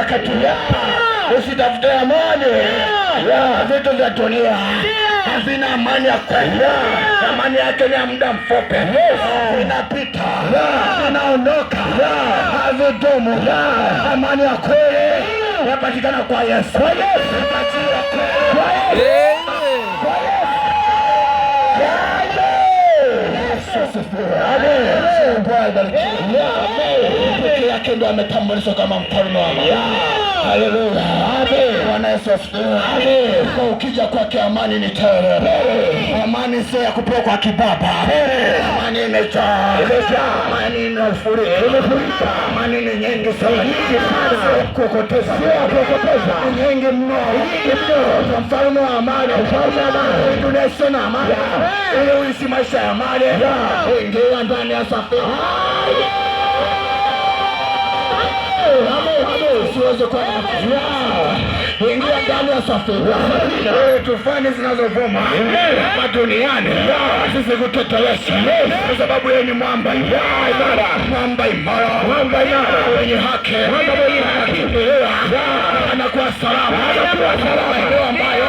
Akatuapa usitafute amani ya vitu vya dunia, hazina amani ya kweli. Amani yake ni ya muda mfupi, havidumu. Amani ya kweli inapatikana kwa Yesu. asifiwe. yake ndo ametambulishwa kama mfalme wa Yesu asifiwe. Ukija kwake amani ni tele, amani sio ya kupewa kwa kibaba, amani imejaa, amani imefurika, amani ni nyingi sana, kukoteza ni nyingi mno. Mfalme wa amani, wa tunaisha na amani ili uishi maisha ya amani, ingia ndani ya safari Ingia ndani ya safina, eh, tufani zinazovuma hapa duniani zisikutetelesha, kwa sababu yeye ni mwamba imara, mwamba imara, mwamba imara wenye haki, anakuwa salama, maeneo ambayo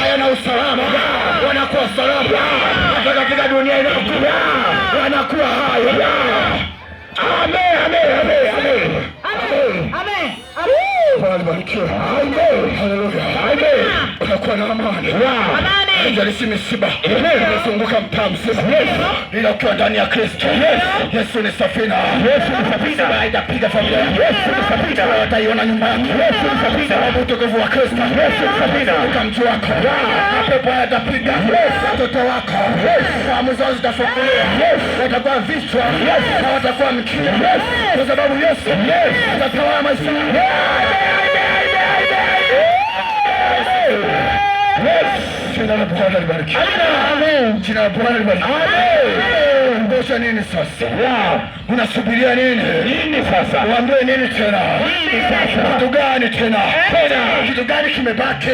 hayana usalama wanakuwa salama, hata katika dunia inayokuwa wanakuwa hai. Bwana amani. Injilisi misiba imefunguka mtaa mzima, ila ukiwa ndani ya Kristo Yesu ni safina. Misiba haijapiga familia yako, wataiona nyumba yako, sababu utukufu wa Kristo uka mji wako, mapepo hayatapiga watoto wako, fahamu zao zitafunguliwa, watakuwa vichwa na watakuwa mkia, kwa sababu Yesu atatawala maisha Jina la Bwana libarikiwe. Amen. Jina la Bwana libarikiwe. Amen. Ngoja nini sasa? Unasubiria nini? Nini sasa? Uambie nini tena? Nini sasa? Kitu gani tena? Tena. Kitu gani kimebaki?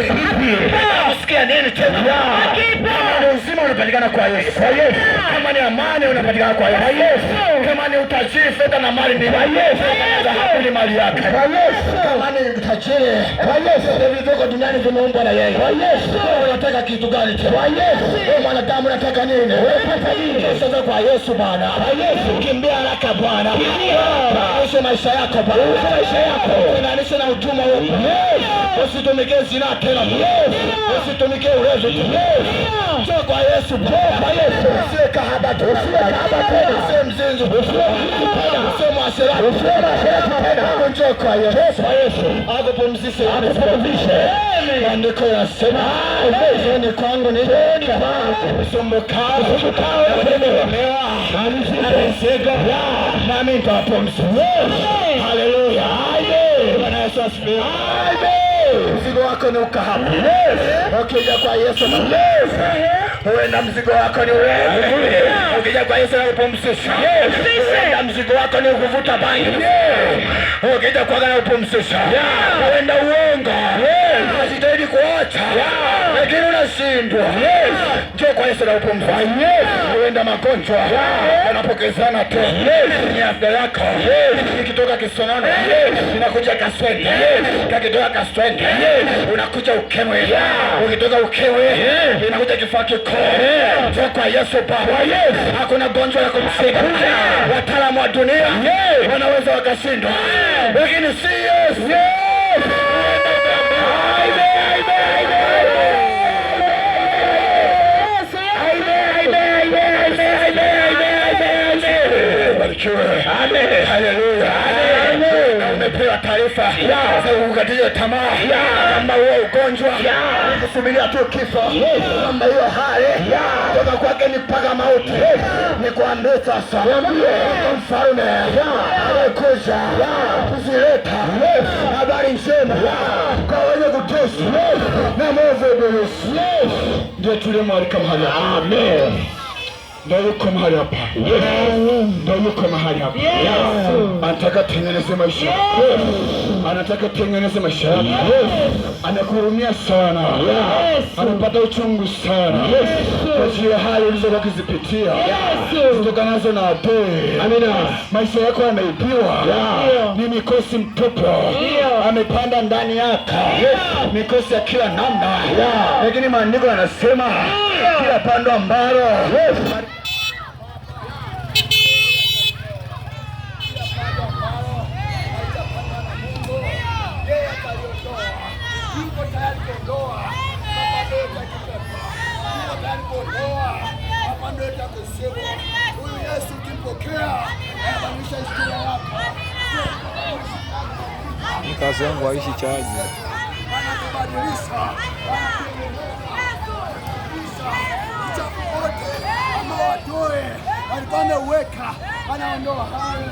Usikia nini tena? Kitu uzima unapatikana kwa Yesu. Kwa Yesu. Kama ni amani unapatikana kwa Yesu. Kwa Yesu. Kama ni utajiri fedha na mali ni kwa Yesu. Dhahabu ni mali yake. Kwa Yesu. Kama ni utajiri kwa Yesu. Vivyo duniani vimeumbwa na yeye. Kwa Yesu. Unataka kitu gani? Kwa Yesu. Wewe mwanadamu unataka nini? Wewe pata nini? Sasa kwa Yesu Bwana. Kwa Yesu. Kimbia haraka Bwana. Kimbia maisha yako Bwana, Baba, maisha yako unanisha na utumwa utuma yes. Usitumike zina tena, yes. usitumike ulevi tena. Njoo kwa Yesu Baba, kwa Yesu usiwe kahaba tu, kahaba tena, usiwe mzinzi, usiwe mwasira, usiwe mwasira tena. Njoo kwa Yesu, kwa Yesu akupumzishe, akupumzishe. Maandiko yanasema ni kwangu ni usumbukao, usumbukao, ulemewa, alizika, nami nitawapumzisha Haleluya! Bwana Yesu asifiwe. Mzigo wako ni ukahaba, ukija kwa Yesu huenda mzigo wako ni wewe. Ukija kwa Yesu anakupumzisha. Huenda mzigo wako ni kuvuta bangi. Ukija kwa Yesu anakupumzisha. Huenda uongo unahitaji kuacha, lakini unashindwa. Njoo kwa Yesu na upumzike. Huenda magonjwa yanapokezana tena, ni afya yako. Ikitoka kisonono inakuja kaswende, kakitoka kaswende unakuja ukimwi, ukitoka ukewe inakuja kifua kikuu. Njoo kwa Yesu Baba. Hakuna gonjwa la kumshinda. Wataalamu wa dunia wanaweza wakashindwa, lakini si Yesu. Umepewa taarifa za tamaa kwamba huo ugonjwa kusubiria tu kifo, kwamba hiyo hali toka kwake ni mpaka mauti. Nikwambie sasa, mfalme alikuja kuzileta habari njema Yesu na Mwokozi Yesu ndiye tulimwalika mahali hapa. Amen. Ndio yuko mahali hapa. Ndio yuko mahali hapa. Anataka tengeneze maisha yako. Anataka tengeneze maisha yako. Anakuhurumia sana amepata uchungu sana kwa ajili ya hali ulizokuwa ukizipitia zitokanazo na adui. Amina, maisha yako yameibiwa, ni mikosi mtupu amepanda ndani yako, mikosi ya kila namna, lakini maandiko yanasema kila pando ambalo Kazi yangu haishi chaji. Uchafu wote ambao watoe walikuwa wameuweka, wanaondoa hayo